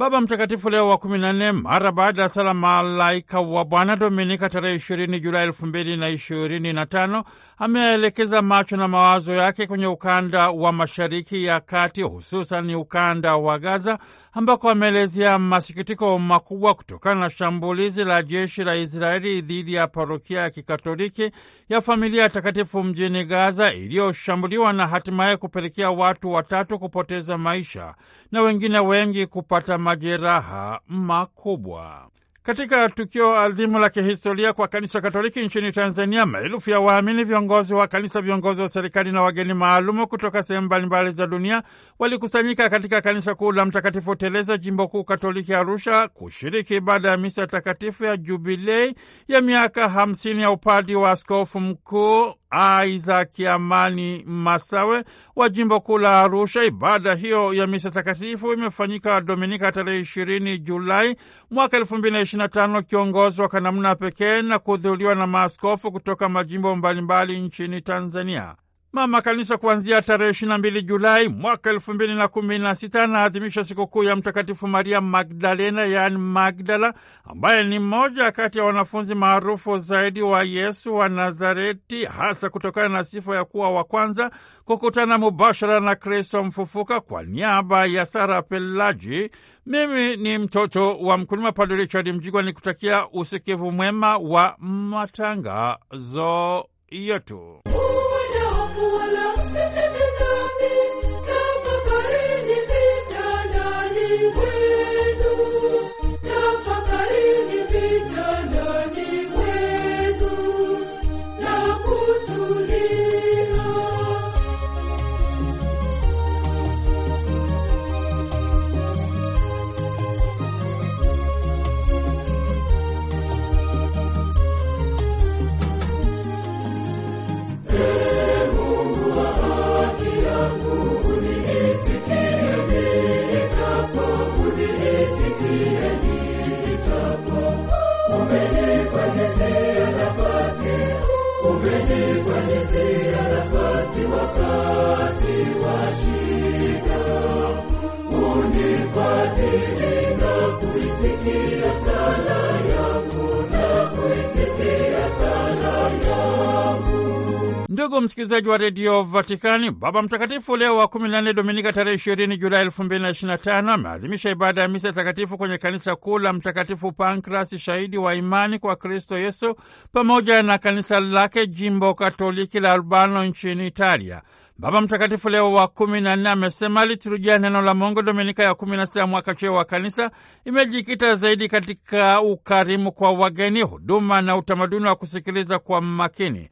Baba Mtakatifu Leo wa 14 mara baada ya sala Malaika wa Bwana Dominika tarehe 20 Julai elfu mbili na ishirini na tano ameelekeza macho na mawazo yake kwenye ukanda wa Mashariki ya Kati, hususan ni ukanda wa Gaza ambako ameelezea masikitiko makubwa kutokana na shambulizi la jeshi la Israeli dhidi ya parokia ya kikatoliki ya familia takatifu mjini Gaza iliyoshambuliwa na hatimaye kupelekea watu watatu kupoteza maisha na wengine wengi kupata majeraha makubwa. Katika tukio adhimu la kihistoria kwa kanisa Katoliki nchini Tanzania, maelfu ya waamini, viongozi wa kanisa, viongozi wa serikali na wageni maalumu kutoka sehemu mbalimbali za dunia walikusanyika katika kanisa kuu la Mtakatifu Tereza, jimbo kuu Katoliki Arusha, kushiriki ibada ya misa takatifu ya jubilei ya miaka hamsini ya upadi wa askofu mkuu Isaac Amani Masawe wa jimbo kuu la Arusha. Ibada hiyo ya misa takatifu imefanyika Dominika tarehe ishirini Julai mwaka elfu mbili na ishirini na tano ikiongozwa kwa namna pekee na kuhudhuriwa na maaskofu kutoka majimbo mbalimbali nchini Tanzania. Mama Kanisa kuanzia tarehe mbili Julai mwaka sita anaadhimisha sikukuu ya Mtakatifu Maria Magdalena, yaani Magdala, ambaye ni mmoja kati ya wanafunzi maarufu zaidi wa Yesu wa Nazareti, hasa kutokana na sifa ya kuwa wa kwanza kukutana mubashara na Kristo mfufuka. Kwa niaba ya Sara Pelaji, mimi ni mtoto wa mkulima Padre Richard Mjigwa, ni kutakia usikivu mwema wa matangazo yetu. هو umenifanyizia nafasi wakati wa shida, unifadhili na kuisikia sana Ndugu msikilizaji wa redio Vatikani, Baba Mtakatifu Leo wa 14 Dominika tarehe 20 Julai 2025 ameadhimisha ibada ya misa takatifu kwenye kanisa kuu la Mtakatifu Pankrasi, shahidi wa imani kwa Kristo Yesu, pamoja na kanisa lake jimbo katoliki la Albano nchini Italia. Baba Mtakatifu Leo wa kumi na nne amesema liturujia neno la Mungu Dominika ya kumi na sita mwaka cheo wa kanisa imejikita zaidi katika ukarimu kwa wageni, huduma na utamaduni wa kusikiliza kwa makini.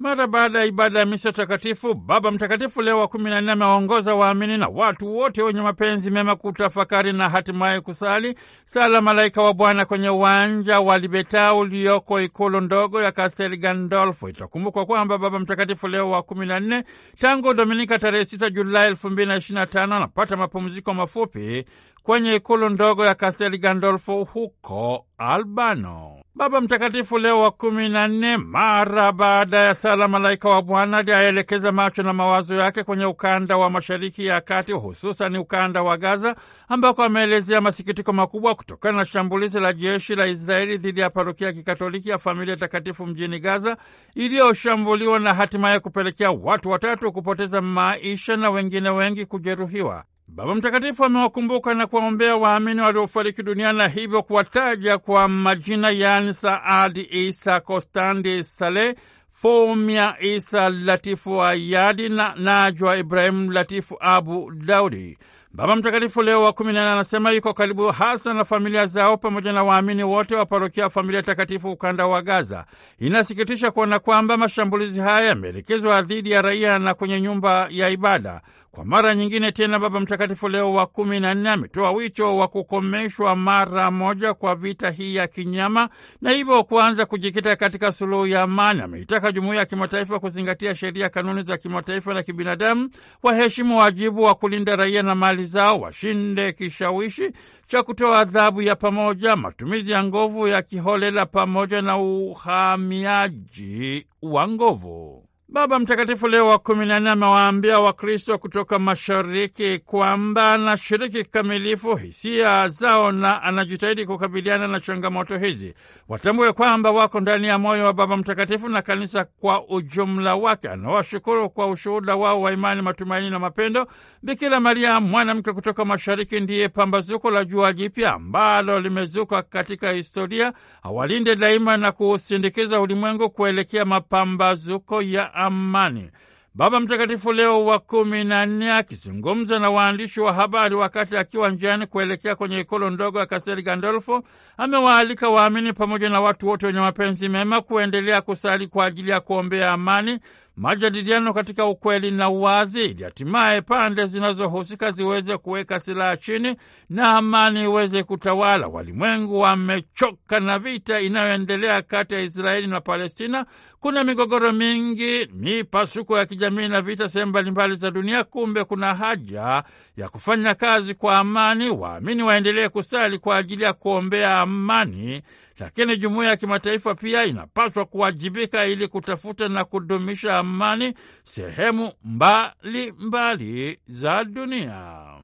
Mara baada ya ibada ya misa takatifu, Baba Mtakatifu Leo wa kumi na nne amewaongoza waamini na watu wote wenye mapenzi mema kutafakari na hatimaye kusali sala Malaika wa Bwana kwenye uwanja wa Libeta ulioko ikulu ndogo ya Castel Gandolfo. Itakumbukwa kwamba Baba Mtakatifu Leo wa kumi na nne tangu Dominika tarehe 6 Julai elfu mbili na ishirini na tano anapata mapumziko mafupi kwenye ikulu ndogo ya Castel Gandolfo huko Albano. Baba Mtakatifu Leo wa kumi na nne, mara baada ya sala Malaika wa Bwana, aliyaelekeza macho na mawazo yake kwenye ukanda wa Mashariki ya Kati, hususani ukanda wa Gaza, ambako ameelezea masikitiko makubwa kutokana na shambulizi la jeshi la Israeli dhidi ya parokia ya kikatoliki ya Familia Takatifu mjini Gaza, iliyoshambuliwa na hatimaye kupelekea watu watatu kupoteza maisha na wengine wengi kujeruhiwa. Baba Mtakatifu amewakumbuka na kuwaombea waamini waliofariki dunia na hivyo kuwataja kwa majina, yaani Saadi Isa, Kostandi Saleh, Fomia Isa Latifu Ayadi na Najwa Ibrahimu Latifu Abu Daudi. Baba Mtakatifu Leo wa kumi na nane anasema yuko karibu hasa na familia zao pamoja na waamini wote wa parokia Familia Takatifu ukanda wa Gaza. Inasikitisha kuona kwamba mashambulizi haya yameelekezwa dhidi ya raia na kwenye nyumba ya ibada. Kwa mara nyingine tena, Baba Mtakatifu Leo wa kumi na nne ametoa wito wa kukomeshwa mara moja kwa vita hii ya kinyama na hivyo kuanza kujikita katika suluhu ya amani. Ameitaka jumuiya ya kimataifa kuzingatia sheria, kanuni za kimataifa na kibinadamu, waheshimu wajibu wa kulinda raia na mali zao, washinde kishawishi cha kutoa adhabu ya pamoja, matumizi ya nguvu ya kiholela, pamoja na uhamiaji wa nguvu. Baba Mtakatifu Leo wa kumi na nne amewaambia Wakristo kutoka mashariki kwamba anashiriki kikamilifu hisia zao na anajitahidi kukabiliana na changamoto hizi. Watambue kwamba wako ndani ya moyo wa Baba Mtakatifu na kanisa kwa ujumla wake. Anawashukuru kwa ushuhuda wao wa imani, matumaini na mapendo. Bikira Maria, mwanamke kutoka mashariki, ndiye pambazuko la jua jipya ambalo limezuka katika historia. Awalinde daima na kuusindikiza ulimwengu kuelekea mapambazuko ya amani. Baba Mtakatifu Leo wa kumi na nne akizungumza na waandishi wa habari wakati akiwa njiani kuelekea kwenye ikulu ndogo ya kaseri Gandolfo amewaalika waamini pamoja na watu wote wenye mapenzi mema kuendelea kusali kwa ajili ya kuombea amani majadiliano katika ukweli na uwazi, ili hatimaye pande zinazohusika ziweze kuweka silaha chini na amani iweze kutawala. Walimwengu wamechoka na vita inayoendelea kati ya Israeli na Palestina. Kuna migogoro mingi, mipasuko ya kijamii na vita sehemu mbalimbali za dunia. Kumbe kuna haja ya kufanya kazi kwa amani. Waamini waendelee kusali kwa ajili ya kuombea amani lakini jumuiya ya kimataifa pia inapaswa kuwajibika ili kutafuta na kudumisha amani sehemu mbalimbali mbali za dunia.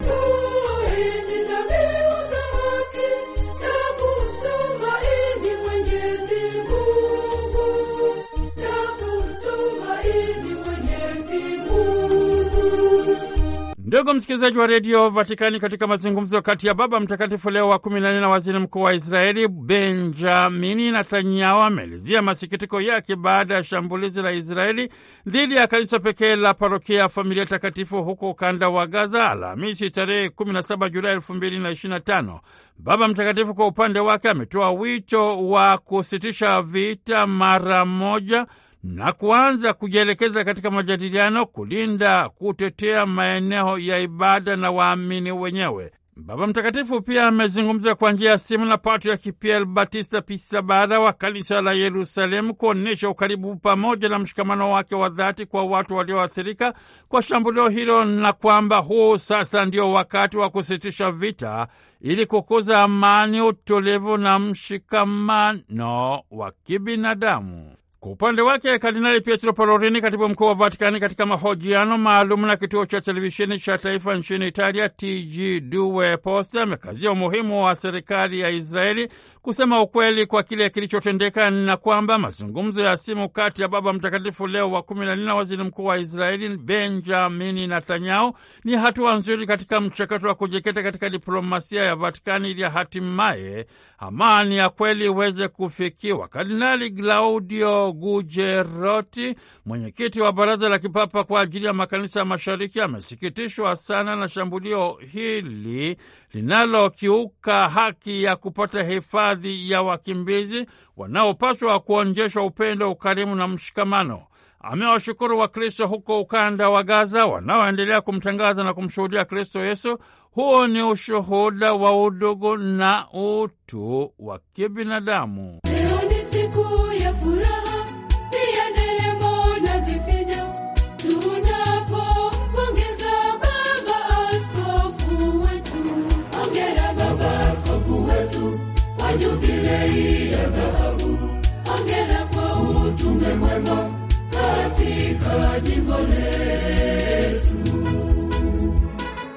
Ndugu msikilizaji wa redio Vatikani, katika mazungumzo kati ya Baba Mtakatifu Leo wa kumi na nne na waziri mkuu wa Israeli Benjamini Netanyahu ameelezea masikitiko yake baada ya shambulizi la Israeli dhidi ya kanisa pekee la parokia ya Familia Takatifu huko ukanda wa Gaza Alhamisi tarehe 17 Julai 2025. Baba Mtakatifu kwa upande wake ametoa wito wa kusitisha vita mara moja na kuanza kujielekeza katika majadiliano, kulinda, kutetea maeneo ya ibada na waamini wenyewe. Baba Mtakatifu pia amezungumza kwa njia ya simu na Patriaki Pier Batista Pisabara wa kanisa la Yerusalemu kuonyesha ukaribu pamoja na mshikamano wake wa dhati kwa watu walioathirika kwa shambulio hilo, na kwamba huu sasa ndio wakati wa kusitisha vita ili kukuza amani, utulivu na mshikamano wa kibinadamu. Kwa upande wake Kardinali Pietro Parolini, katibu mkuu wa Vatikani, katika mahojiano maalum na kituo cha televisheni cha taifa nchini Italia TG Due Posta, amekazia umuhimu wa serikali ya Israeli kusema ukweli kwa kile kilichotendeka na kwamba mazungumzo ya simu kati ya Baba Mtakatifu Leo wa kumi na nne na waziri mkuu wa Israeli Benjamini Netanyahu ni hatua nzuri katika mchakato wa kujeketa katika diplomasia ya Vatikani ili hatimaye amani ya kweli iweze kufikiwa. Kardinali Glaudio Gujeroti, mwenyekiti wa Baraza la Kipapa kwa ajili ya Makanisa ya Mashariki, amesikitishwa sana na shambulio hili linalokiuka haki ya kupata hifadhi baadhi ya wakimbizi wanaopaswa kuonjeshwa upendo, ukarimu na mshikamano. Amewashukuru Wakristo huko ukanda wa Gaza wanaoendelea kumtangaza na kumshuhudia Kristo Yesu. Huo ni ushuhuda wa udugu na utu wa kibinadamu. Leo ni siku ya furaha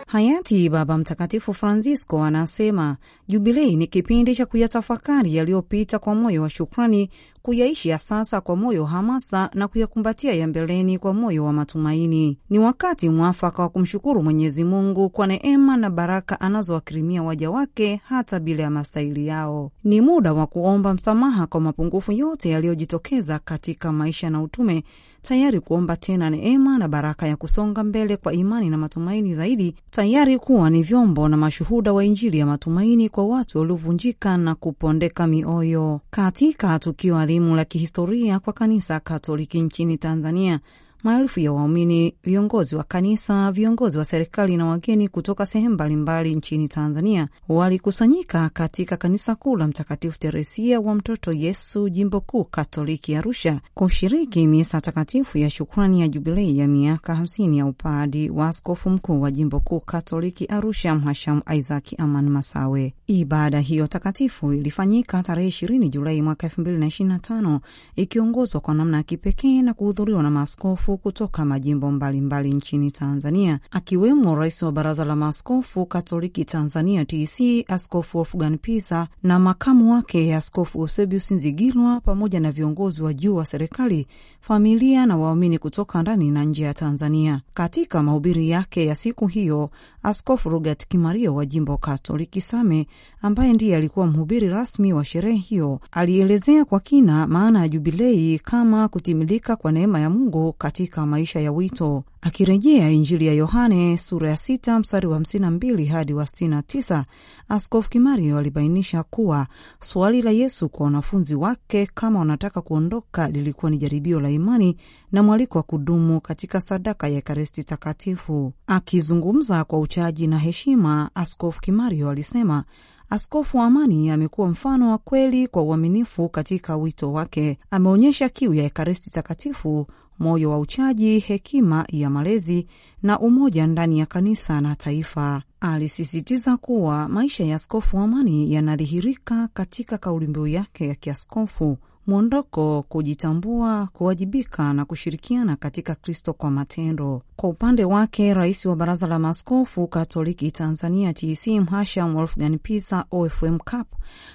Hayati Baba Mtakatifu Francisco anasema jubilei ni kipindi cha kuyatafakari yaliyopita kwa moyo wa shukrani, kuyaishi ya sasa kwa moyo wa hamasa na kuyakumbatia ya mbeleni kwa moyo wa matumaini. Ni wakati mwafaka wa kumshukuru Mwenyezi Mungu kwa neema na baraka anazowakirimia waja wake hata bila ya mastahili yao. Ni muda wa kuomba msamaha kwa mapungufu yote yaliyojitokeza katika maisha na utume tayari kuomba tena neema na baraka ya kusonga mbele kwa imani na matumaini zaidi, tayari kuwa ni vyombo na mashuhuda wa Injili ya matumaini kwa watu waliovunjika na kupondeka mioyo. Katika tukio adhimu la kihistoria kwa kanisa Katoliki nchini Tanzania maelfu ya waumini, viongozi wa kanisa, viongozi wa serikali na wageni kutoka sehemu mbalimbali nchini Tanzania walikusanyika katika kanisa kuu la Mtakatifu Teresia wa Mtoto Yesu, jimbo kuu Katoliki Arusha, kushiriki misa takatifu ya shukrani ya jubilei ya miaka hamsini ya upaadi wa askofu mkuu wa jimbo kuu Katoliki Arusha, Mhashamu Isaki Aman Masawe. Ibada hiyo takatifu ilifanyika tarehe ishirini Julai mwaka elfu mbili na ishirini na tano ikiongozwa kwa namna ya kipekee na kuhudhuriwa na maaskofu maaskofu kutoka majimbo mbalimbali mbali nchini Tanzania, akiwemo rais wa Baraza la Maaskofu Katoliki Tanzania TC Askofu Wolfgang Pisa na makamu wake Askofu Eusebius Nzigilwa, pamoja na viongozi wa juu wa serikali, familia na waumini kutoka ndani na nje ya Tanzania. Katika mahubiri yake ya siku hiyo Askofu rugat Kimario wa jimbo Katoliki Same, ambaye ndiye alikuwa mhubiri rasmi wa sherehe hiyo, alielezea kwa kina maana ya Jubilei kama kutimilika kwa neema ya Mungu katika maisha ya wito. Akirejea Injili ya Yohane sura ya sita mstari wa hamsini na mbili hadi wa sitini na tisa Askofu Kimario alibainisha kuwa swali la Yesu kwa wanafunzi wake kama wanataka kuondoka lilikuwa ni jaribio la imani na mwaliko wa kudumu katika sadaka ya Ekaristi Takatifu. Akizungumza kwa uchaji na heshima, Askofu Kimario alisema Askofu wa Amani amekuwa mfano wa kweli kwa uaminifu katika wito wake. Ameonyesha kiu ya Ekaristi Takatifu moyo wa uchaji, hekima ya malezi na umoja ndani ya kanisa na taifa. Alisisitiza kuwa maisha ya askofu wa amani yanadhihirika katika kauli mbiu yake ya kiaskofu mwondoko, kujitambua, kuwajibika na kushirikiana katika Kristo kwa matendo. Kwa upande wake, rais wa Baraza la Maaskofu Katoliki Tanzania tc Mhasham Wolfgang Pisa OFM Cap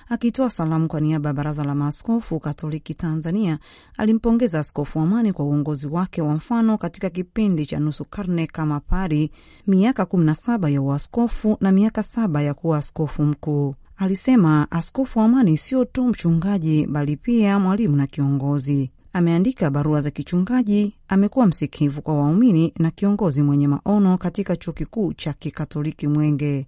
akitoa salamu kwa niaba ya Baraza la Maaskofu Katoliki Tanzania alimpongeza Askofu Amani kwa uongozi wake wa mfano katika kipindi cha nusu karne kama pari, miaka 17 ya uaskofu na miaka saba ya kuwa askofu mkuu. Alisema askofu wa amani sio tu mchungaji bali pia mwalimu na kiongozi. Ameandika barua za kichungaji, amekuwa msikivu kwa waumini na kiongozi mwenye maono katika chuo kikuu cha Kikatoliki Mwenge.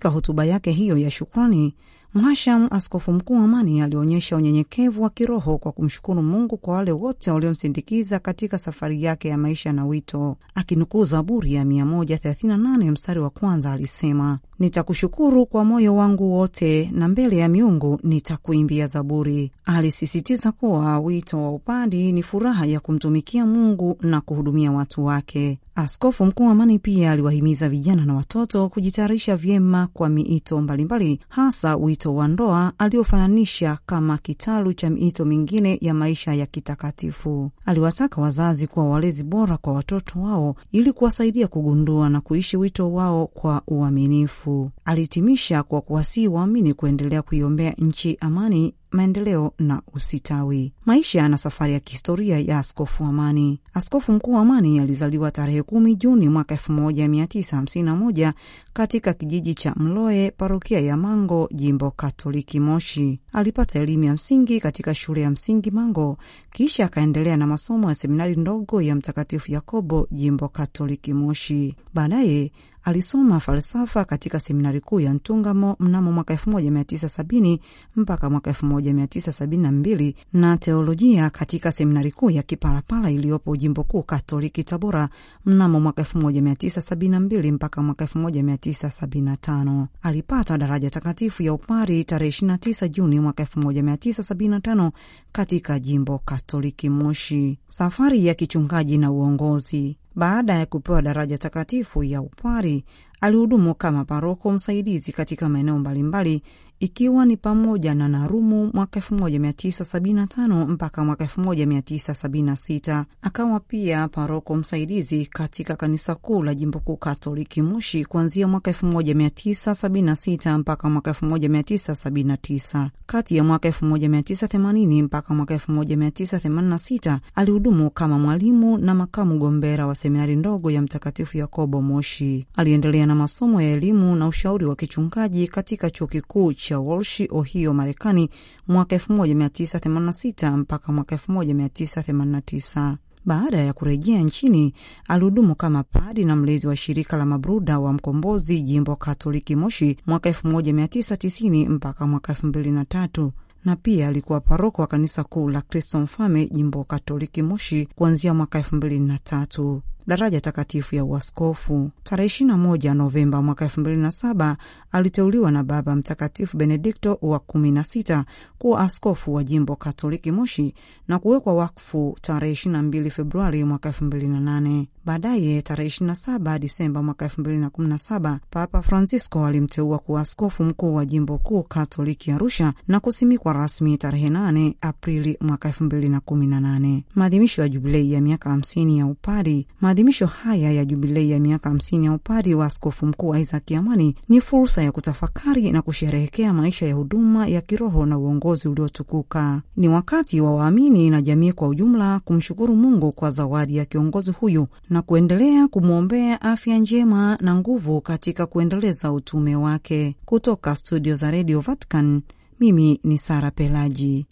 Katika hotuba yake hiyo ya shukrani, Mhasham, askofu mkuu wa Amani, alionyesha unyenyekevu wa kiroho kwa kumshukuru Mungu kwa wale wote waliomsindikiza katika safari yake ya maisha na wito. Akinukuu Zaburi ya 138 mstari wa kwanza, alisema nitakushukuru kwa moyo wangu wote na mbele ya miungu nitakuimbia zaburi. Alisisitiza kuwa wito wa upadi ni furaha ya kumtumikia Mungu na kuhudumia watu wake. Askofu mkuu wa Amani pia aliwahimiza vijana na watoto kujitayarisha vyema kwa miito mbalimbali, hasa wito wa ndoa aliofananisha kama kitalu cha miito mingine ya maisha ya kitakatifu. Aliwataka wazazi kuwa walezi bora kwa watoto wao ili kuwasaidia kugundua na kuishi wito wao kwa uaminifu. Alihitimisha kwa kuwasihi waamini kuendelea kuiombea nchi amani maendeleo na usitawi. Maisha na safari ya kihistoria ya Askofu Amani. Askofu Mkuu Amani alizaliwa tarehe kumi Juni mwaka elfu moja mia tisa hamsini na moja katika kijiji cha Mloe, parokia ya Mango, jimbo Katoliki Moshi. Alipata elimu ya msingi katika shule ya msingi Mango, kisha akaendelea na masomo ya seminari ndogo ya Mtakatifu Yakobo, jimbo Katoliki Moshi. Baadaye Alisoma falsafa katika seminari kuu ya Ntungamo mnamo mwaka 1970 mpaka mwaka 1972 na teolojia katika seminari kuu ya Kipalapala iliyopo jimbo kuu Katoliki Tabora mnamo mwaka 1972 mpaka mwaka 1975. Alipata daraja takatifu ya upari tarehe 29 Juni mwaka 1975 katika jimbo Katoliki Moshi. Safari ya kichungaji na uongozi baada ya kupewa daraja takatifu ya upwari, alihudumu kama paroko msaidizi katika maeneo mbalimbali ikiwa ni pamoja na Narumu mwaka 1975 mpaka mwaka 1976. Akawa pia paroko msaidizi katika kanisa kuu la jimbo kuu Katoliki Moshi kuanzia mwaka 1976 mpaka mwaka 1979. Kati ya mwaka 1980 mpaka mwaka 1986 alihudumu kama mwalimu na makamu gombera wa seminari ndogo ya Mtakatifu Yakobo Moshi. Aliendelea na masomo ya elimu na ushauri wa kichungaji katika chuo kikuu cha Walsh, Ohio, Marekani mwaka 1986 mpaka mwaka 1989. Baada ya kurejea nchini alihudumu kama padi na mlezi wa shirika la mabruda wa Mkombozi jimbo Katoliki Moshi mwaka 1990 mpaka mwaka 2003 na pia alikuwa paroko wa kanisa kuu la Kristo Mfalme jimbo Katoliki Moshi kuanzia mwaka 2003 daraja takatifu ya uaskofu. Tarehe 21 Novemba mwaka 2007 aliteuliwa na Baba Mtakatifu Benedikto wa 16 kuwa askofu wa jimbo Katoliki Moshi na kuwekwa wakfu tarehe 22 Februari mwaka 2008. Baadaye tarehe 27 Disemba mwaka 2017 Papa Francisco alimteua kuwa askofu mkuu wa jimbo kuu Katoliki Arusha na kusimikwa rasmi tarehe 8 Aprili mwaka 2018. Maadhimisho ya jubilei ya miaka 50 ya upari Maadhimisho haya ya jubilei ya miaka hamsini ya upari wa askofu mkuu Isaac Amani ni fursa ya kutafakari na kusherehekea maisha ya huduma ya kiroho na uongozi uliotukuka. Ni wakati wa waamini na jamii kwa ujumla kumshukuru Mungu kwa zawadi ya kiongozi huyu na kuendelea kumwombea afya njema na nguvu katika kuendeleza utume wake. Kutoka studio za Radio Vatican, mimi ni Sara Pelaji.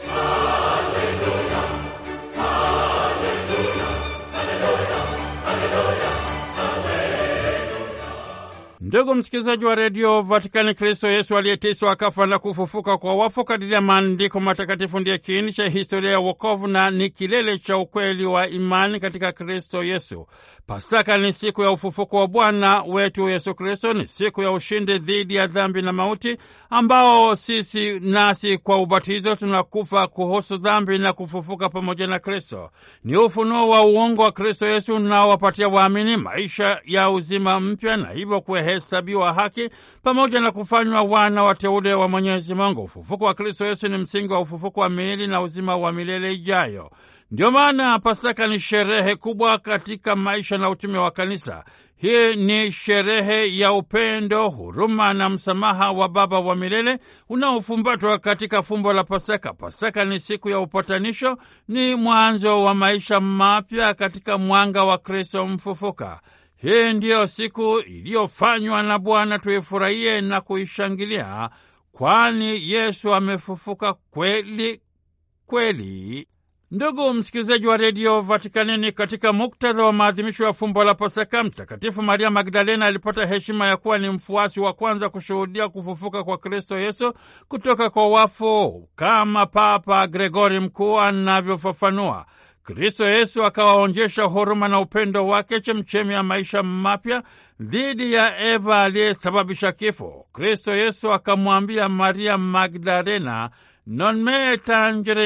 Ndugu msikilizaji wa redio Vatikani, Kristo Yesu aliyeteswa akafa na kufufuka kwa wafu kadiri ya maandiko matakatifu ndiye kiini cha historia ya wokovu na ni kilele cha ukweli wa imani katika Kristo Yesu. Pasaka ni siku ya ufufuko wa Bwana wetu Yesu Kristo, ni siku ya ushindi dhidi ya dhambi na mauti, ambao sisi nasi kwa ubatizo tunakufa kuhusu dhambi na kufufuka pamoja na Kristo. Ni ufunuo wa uongo wa Kristo Yesu unaowapatia waamini maisha ya uzima mpya na hivyo kuehe kuhesabiwa haki pamoja na kufanywa wana wateule wa Mwenyezi Mungu. Ufufuko wa Kristo Yesu ni msingi wa ufufuko wa miili na uzima wa milele ijayo. Ndiyo maana Pasaka ni sherehe kubwa katika maisha na utume wa Kanisa. Hii ni sherehe ya upendo, huruma na msamaha wa Baba wa milele unaofumbatwa katika fumbo la Pasaka. Pasaka ni siku ya upatanisho, ni mwanzo wa maisha mapya katika mwanga wa Kristo mfufuka. Hii ndiyo siku iliyofanywa na Bwana, tuifurahie na kuishangilia, kwani Yesu amefufuka kweli kweli. Ndugu msikilizaji wa redio Vatikanini, katika muktadha wa maadhimisho ya fumbo la Pasaka, Mtakatifu Maria Magdalena alipata heshima ya kuwa ni mfuasi wa kwanza kushuhudia kufufuka kwa Kristo Yesu kutoka kwa wafu, kama Papa Gregori Mkuu anavyofafanua. Kristo Yesu akawaonjesha huruma na upendo wake, chemchemi ya maisha mapya dhidi ya Eva aliyesababisha kifo. Kristo Yesu akamwambia Maria Magdalena, non me tangere,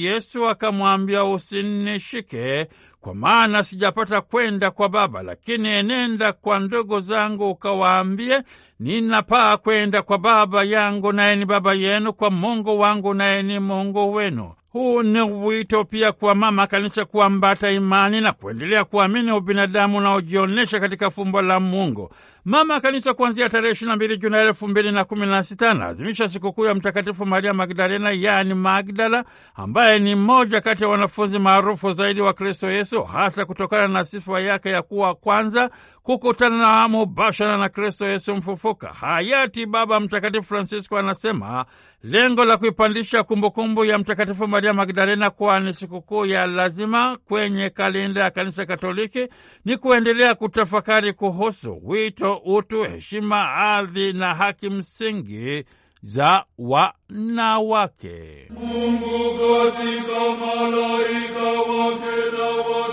Yesu akamwambia usinishike, kwa maana sijapata kwenda kwa Baba, lakini enenda kwa ndugu zangu ukawaambie, ninapaa kwenda kwa Baba yangu naye ni Baba yenu, kwa Mungu wangu naye ni Mungu wenu. Huu ni wito pia kwa mama kanisa kuambata imani na kuendelea kuamini ubinadamu unaojionyesha katika fumbo la Mungu. Mama Kanisa kuanzia tarehe ishirini na mbili Juni elfu mbili na kumi na sita anaadhimisha sikukuu ya Mtakatifu Maria Magdalena, yaani Magdala, ambaye ni mmoja kati ya wanafunzi maarufu zaidi wa Kristo Yesu, hasa kutokana na sifa yake ya kuwa kwanza kukutana mubashara na Kristo Yesu mfufuka. Hayati Baba Mtakatifu Francisco anasema lengo la kuipandisha kumbukumbu ya Mtakatifu Maria Magdalena kuwa ni sikukuu ya lazima kwenye kalenda ya Kanisa Katoliki ni kuendelea kutafakari kuhusu wito utu, heshima, ardhi na haki msingi za wanawake. Mungu katika malaika wake na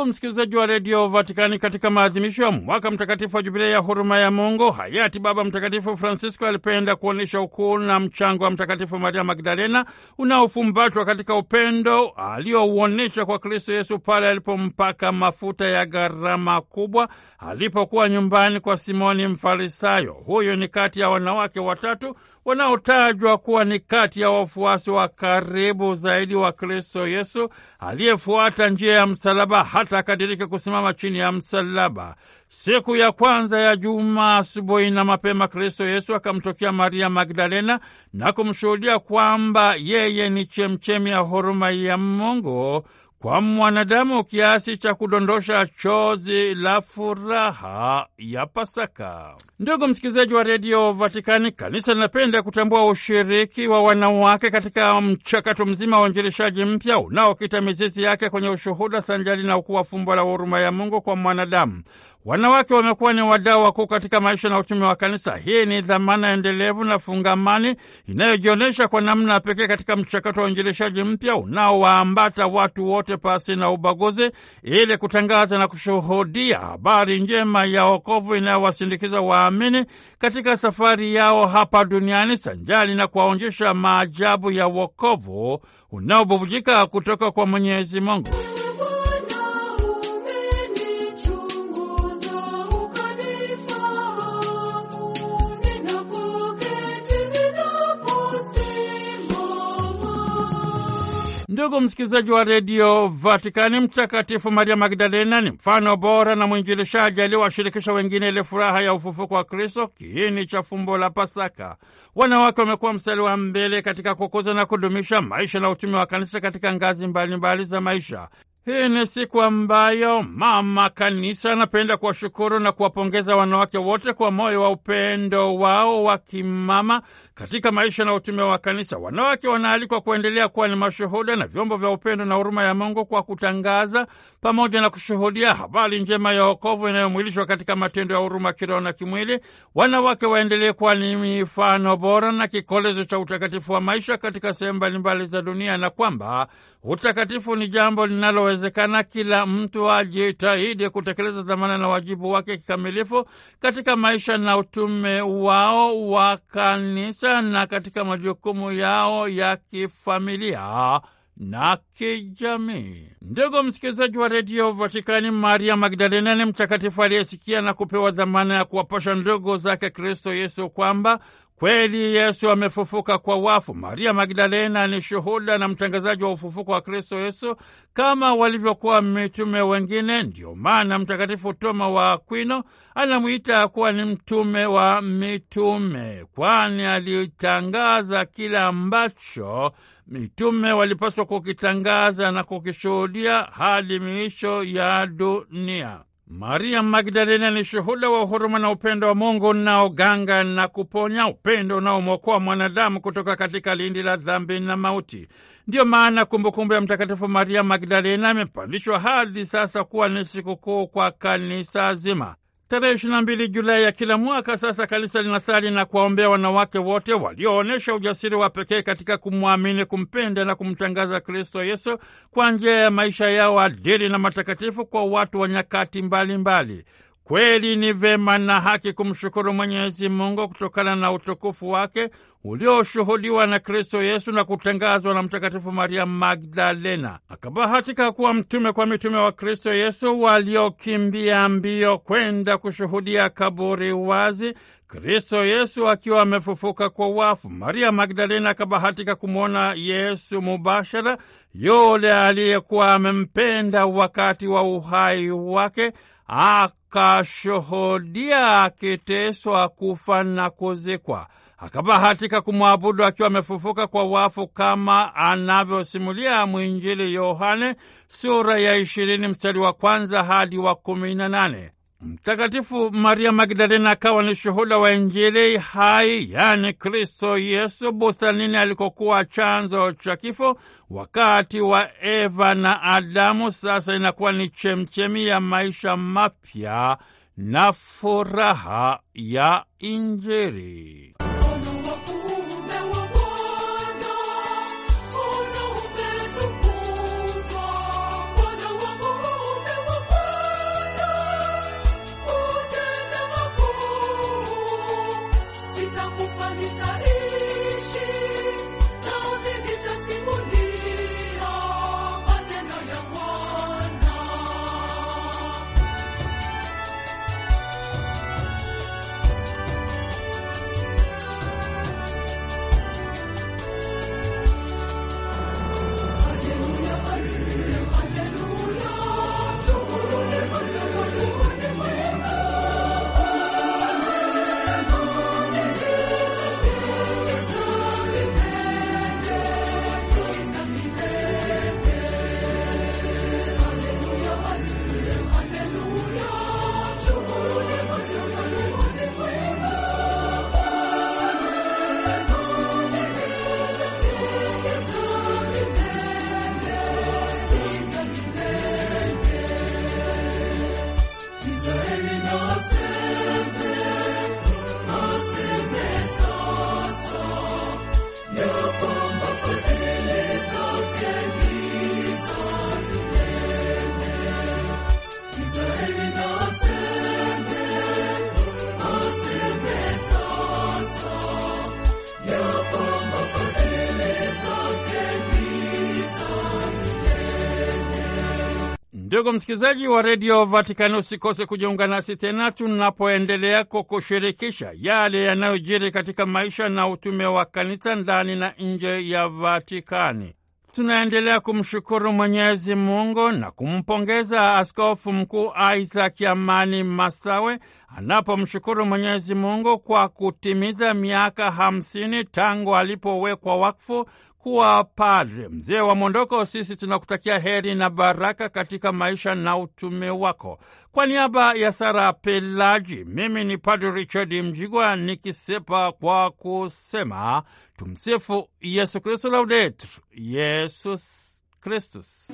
Ndugu msikilizaji wa redio Vatikani, katika maadhimisho ya mwaka mtakatifu wa jubilei ya huruma ya Mungu, hayati Baba Mtakatifu Francisco alipenda kuonyesha ukuu na mchango wa Mtakatifu Maria Magdalena unaofumbatwa katika upendo aliouonyesha kwa Kristo Yesu pale alipompaka mafuta ya gharama kubwa alipokuwa nyumbani kwa Simoni Mfarisayo. Huyu ni kati ya wanawake watatu wanaotajwa kuwa ni kati ya wafuasi wa karibu zaidi wa Kristo Yesu aliyefuata njia ya msalaba hata akadiriki kusimama chini ya msalaba. Siku ya kwanza ya juma asubuhi na mapema, Kristo Yesu akamtokea Maria Magdalena na kumshuhudia kwamba yeye ni chemchemi ya huruma ya Mungu kwa mwanadamu kiasi cha kudondosha chozi la furaha ya Pasaka. Ndugu msikilizaji wa redio Vatikani, kanisa linapenda kutambua ushiriki wa wanawake katika mchakato mzima wa uinjilishaji mpya unaokita mizizi yake kwenye ushuhuda sanjari na ukuwa fumbo la huruma ya Mungu kwa mwanadamu. Wanawake wamekuwa ni wadau wakuu katika maisha na uchumi wa kanisa. Hii ni dhamana endelevu na fungamani inayojionyesha kwa namna ya pekee katika mchakato wa uinjilishaji mpya unaowaambata watu wote pasi na ubaguzi, ili kutangaza na kushuhudia habari njema ya wokovu inayowasindikiza waamini katika safari yao hapa duniani, sanjali na kuwaonjesha maajabu ya wokovu unaobubujika kutoka kwa Mwenyezi Mungu. Ndugu msikilizaji wa redio Vatikani, Mtakatifu Maria Magdalena ni mfano bora na mwinjilishaji aliyowashirikisha wengine ile furaha ya ufufuko wa Kristo, kiini cha fumbo la Pasaka. Wanawake wamekuwa mstari wa mbele katika kukuza na kudumisha maisha na utumi wa kanisa katika ngazi mbalimbali mbali za maisha. Hii ni siku ambayo mama kanisa anapenda kuwashukuru na kuwapongeza wanawake wote kwa moyo wa upendo wao wa kimama katika maisha na utume wa kanisa, wanawake wanaalikwa kuendelea kuwa ni mashuhuda na vyombo vya upendo na huruma ya Mungu kwa kutangaza pamoja na kushuhudia habari njema ya wokovu inayomwilishwa katika matendo ya huruma kiroho na kimwili. Wanawake waendelee kuwa ni mifano bora na kikolezo cha utakatifu wa maisha katika sehemu mbalimbali za dunia, na kwamba utakatifu ni jambo linalowezekana, kila mtu ajitahidi kutekeleza dhamana na wajibu wake kikamilifu katika maisha na utume wao wa kanisa maisha na katika majukumu yao ya kifamilia na kijamii. Ndugu msikilizaji wa redio Vatikani, Maria Magdalena ni mtakatifu aliyesikia na kupewa dhamana ya kuwapasha ndugu zake Kristo Yesu kwamba Kweli Yesu amefufuka kwa wafu. Maria Magdalena ni shuhuda na mtangazaji wa ufufuko wa Kristo Yesu kama walivyokuwa mitume wengine. Ndiyo maana Mtakatifu Toma wa Akwino anamwita kuwa ni mtume wa mitume, kwani alitangaza kile ambacho mitume walipaswa kukitangaza na kukishuhudia hadi miisho ya dunia. Maria Magdalena ni shuhuda wa huruma na upendo wa Mungu unaoganga na kuponya, upendo unaomwokoa mwanadamu kutoka katika lindi la dhambi na mauti. Ndiyo maana kumbukumbu ya Mtakatifu Maria Magdalena imepandishwa hadi sasa kuwa ni sikukuu kwa kanisa zima. Tarehe mbili Julai ya kila mwaka sasa kanisa linasali na kuwaombea wanawake wote walioonyesha ujasiri wa pekee katika kumwamini, kumpenda na kumtangaza Kristo Yesu kwa njia ya maisha yao adili na matakatifu kwa watu wa nyakati mbalimbali mbali. Kweli ni vema na haki kumshukuru Mwenyezi Mungu kutokana na utukufu wake ulioshuhudiwa na Kristo Yesu na kutangazwa na Mtakatifu Maria Magdalena. Akabahatika kuwa mtume kwa mitume wa Kristo Yesu waliokimbia mbio kwenda kushuhudia kaburi wazi, Kristo Yesu akiwa amefufuka kwa wafu. Maria Magdalena akabahatika kumwona Yesu mubashara, yule aliyekuwa amempenda wakati wa uhai wake kashuhudia akiteswa, kufa na kuzikwa. Akabahatika kumwabudu akiwa amefufuka kwa wafu kama anavyosimulia mwinjili Yohane sura ya ishirini mstari wa kwanza hadi wa kumi na nane. Mtakatifu Maria Magdalena akawa ni shuhuda wa Injili hai, yaani Kristo Yesu, bustanini alikokuwa chanzo cha kifo wakati wa Eva na Adamu. Sasa inakuwa ni chemchemi ya maisha mapya na furaha ya Injili. Ndugu msikilizaji wa redio Vatikani, usikose kujiunga nasi tena tunapoendelea kukushirikisha yale yanayojiri katika maisha na utume wa kanisa ndani na nje ya Vatikani. Tunaendelea kumshukuru Mwenyezi Mungu na kumpongeza Askofu Mkuu Isaac Amani Masawe anapomshukuru Mwenyezi Mungu kwa kutimiza miaka hamsini tangu alipowekwa wakfu kuwa padre. Mzee wa Mondoko, sisi tunakutakia heri na baraka katika maisha na utume wako. Kwa niaba ya Sara Pelaji, mimi ni Padre Richard Mjigwa nikisepa kwa kusema tumsifu Yesu Kristu, laudetur Yesus Kristus.